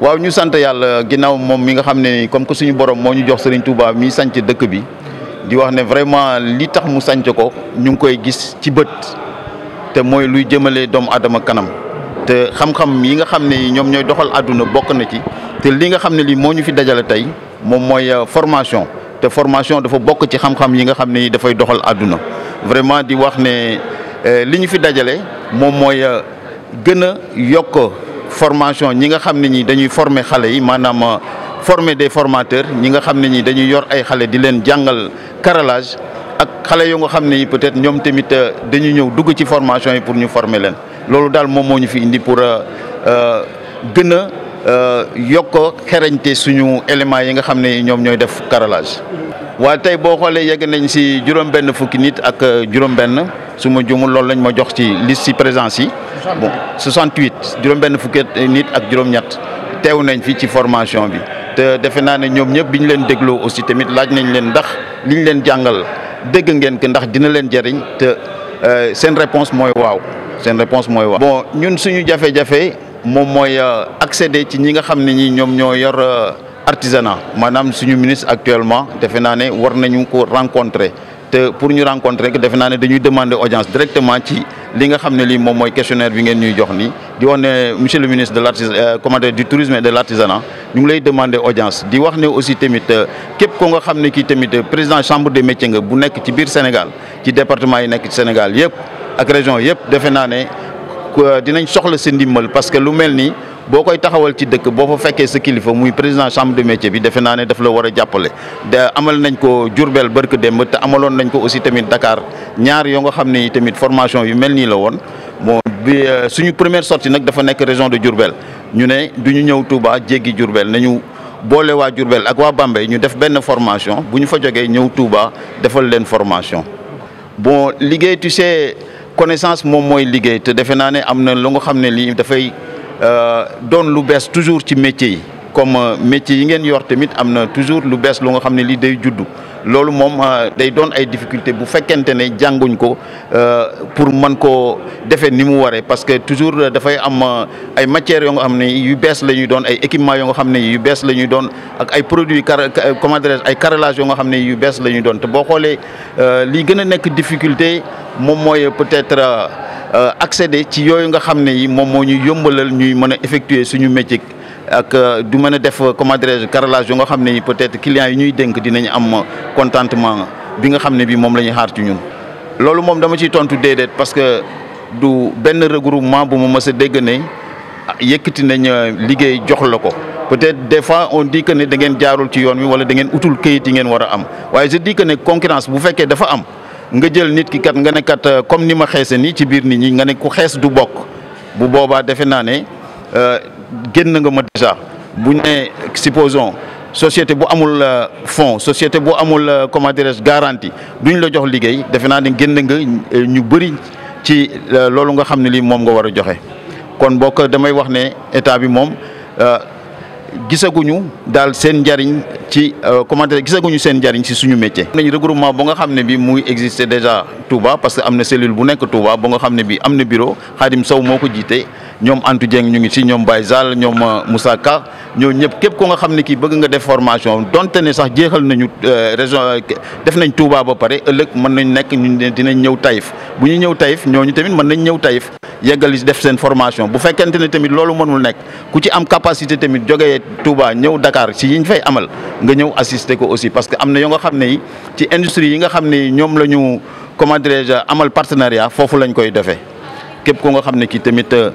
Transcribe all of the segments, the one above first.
waaw ñu sant yàlla ginnaaw moom mi nga xam ne comme que suñu borom moo ñu jox Serigne Touba mi sanc dëkk bi di wax ne vraiment li tax mu sanc ko ñu ngi koy gis ci bët te mooy luy jëmale doomu adama kanam te xam-xam yi nga xam ne ñoom ñooy doxal àdduna bokk na ci te li nga xam ne lii moo ñu fi dajale tey moom mooy euh, formation te formation dafa bokk ci xam-xam yi nga xam ne dafay doxal àdduna vraiment di wax ne euh, li ñu fi dajale moom mooy euh, gën a yokk formation ñi nga xam ne ñi dañuy former xale yi maanaam euh, former des formateurs ñi nga xam ne ñi dañuy yor ay xale di leen jàngal carrelage ak xale yoo nga xam ne yi peut-être ñoom tamit euh, dañu ñëw dugg ci formation yi pour ñu former leen loolu daal moom moo ñu fi indi pour euh, gën a yokk xerañte suñu éléments yi nga xam ne ñoom ñooy def carrelage waa tey boo xoolee yegg nañ si juróom-benn fukki nit ak juróom-benn su ma jumul loolu lañ ma jox ci liste si présence yi. bon 68 juróom-benn fukki nit ak juróom-ñett teew nañ fi ci formation bi. te defe naa ne ñoom ñëpp bi ñu leen dégloo aussi tamit laaj nañ leen ndax liñ leen jàngal dégg ngeen ko ndax dina leen jariñ te euh, seen réponse mooy waaw seen réponse mooy waaw. bon ñun suñu jafe-jafe moom mooy euh, accéder ci ñi nga xam ne ñi ñoom ñoo yor. Euh, artisanat maanaam suñu ministre actuellement defe naa ne war nañu ko rencontrer te pour ñu rencontrer que defe naa ne dañuy demander audience directement ci li nga xam ne lii moom mooy questionnaire bi ngeen ñuy jox nii di wax ne monsieur le ministre de l'artisanat euh, commandant du tourisme et de l'artisanat ñu ngi lay demander audience di wax ne aussi tamit euh, képp ko nga xam ne kii tamit euh, président chambre de métiers nga bu nekk ci biir Sénégal ci département yi nekk ci Sénégal yëpp ak région yëpp defe naa ne dinañ soxla seen ndimbal parce que lu mel nii boo koy taxawal ci dëkk boo fa fekkee sa kilifa muy président chambre de métier bi defe naa ne daf la war a jàppale de amal nañ ko Diourbel barke démb te amaloon nañ ko aussi tamit Dakar ñaar yoo nga xam ne tamit formation yu mel nii la woon bon bi euh, suñu première sortie nag dafa nekk région de Diourbel ñu ne duñu ñëw Touba jéggi Diourbel nañu boole waa Diourbel ak waa Bambey ñu def benn formation bu ñu fa jogee ñëw Touba defal leen formation bon liggéey tu moom mooy liggéey te defe naa ne am na lu nga xam ne lii dafay Euh, doon lu bees toujours ci métier yi comme euh, métier yi ngeen yor tamit am na toujours lu bees lu nga xam ne lii day juddu loolu moom euh, day doon ay difficulté bu fekkente ne jànguñ ko pour mën koo defee ni mu waree parce que toujours dafay am ay matières yoo xam ne yu bees la ñuy doon ay équipements yoo nga xam ne yu bees la ñuy doon ak ay produits comment dirais ay carrelage yoo xam ne yu bees la ñuy doon te boo xoolee li gën a nekk difficulté moom mooy peut-être. Euh, accéder ci yooyu nga xam ne yi moom moo ñu yombalal ñuy mën a effectuer suñu métier ak euh, du mën a def euh, comment dirais-je carrelage yu nga xam ne yi peut-être clients yi ñuy dénk dinañ am contentement bi nga xam ne bi moom la ñuy xaar ci ñun. loolu moom dama ciy tontu déedéet parce que du benn regroupement bu ma mës a nañ ne ah, yëkkati nañ liggéey jox la ko. peut-être des fois on dit que ne da ngeen jaarul ci yoon wi wala da ngeen utul këyit yi ngeen war am waaye je dis que ne concurrence bu fekkee dafa am. nga jël nit ki kat nga ne kat euh, comme ni ma xeese nii ci biir nit ñi nga ne ku xees du bokk bu boobaa defe naa ne euh, génn nga ma déjà bu ñu nee supposons société bu amul euh, fonds société bu amul comment dirais-je garantie duñ la jox liggéey defe naa ne génn nga ñu bëri ci loolu nga xam ne lii moom nga war a joxe kon bokk damay wax ne état bi moom gisaguñu daal seen njariñ ci euh, comment dire gisaguñu seen njariñ si suñu métier. nañ regroupement bu nga xam ne bi mu ngi existé déjà Touba parce que am na cellule bu nekk Touba bu nga xam ne bi am na bureau Xaadim saw moo ko jiite ñoom Antou Dieng ñu ngi si ñoom Baye Sall ñoom euh, Moussa Ka ñoo ñëpp képp ko nga xam ne kii bëgg nga def formation donte ne sax jeexal nañu euh, région def nañ Touba ba pare ëllëg mën nañ nekk ñu dinañ ñëw Taïf bu ñu ñëw Taïf ñooñu tamit mën nañ ñëw Taïf yeggali def seen formation bu fekkente ne tamit loolu mënul nekk ku ci am capacité tamit jógee Touba ñëw dakaar si yiñ fay amal nga ñëw assister ko aussi parce que am na yoo nga xam ne yi ci industrie yi nga xam ne ñoom la ñu comment dirais-je partenariat foofu lañ koy defee. képp ko nga xam ne kii tamit euh,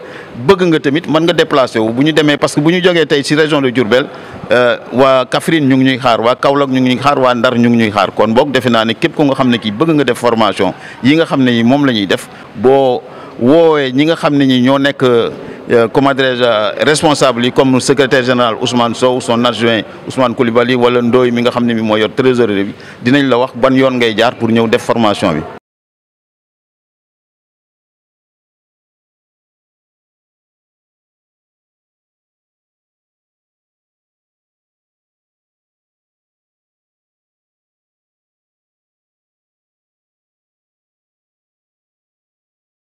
bëgg nga tamit mën nga déplacé wu bu ñu demee parce que bu ñu jógee tey si région de Diourbel euh, waa Kaffrine ñu ngi ñuy xaar waa Kaolack ñu ngi xaar waa Ndar ñu ngi ñuy xaar kon boog defe naa képp xam ne bëgg nga def formation yi nga xam ne yi moom la ñuy def boo woowee ñi nga xam ne ñi ñoo nekk euh, comme dirais-je euh, responsable yi comme secrétaire général Ousmane Sow son adjoint Ousmane Coulibaly wala Ndoye mi nga xam ne mi moo yor trésorerie bi dinañ la wax ban yoon ngay jaar pour ñëw def formation bi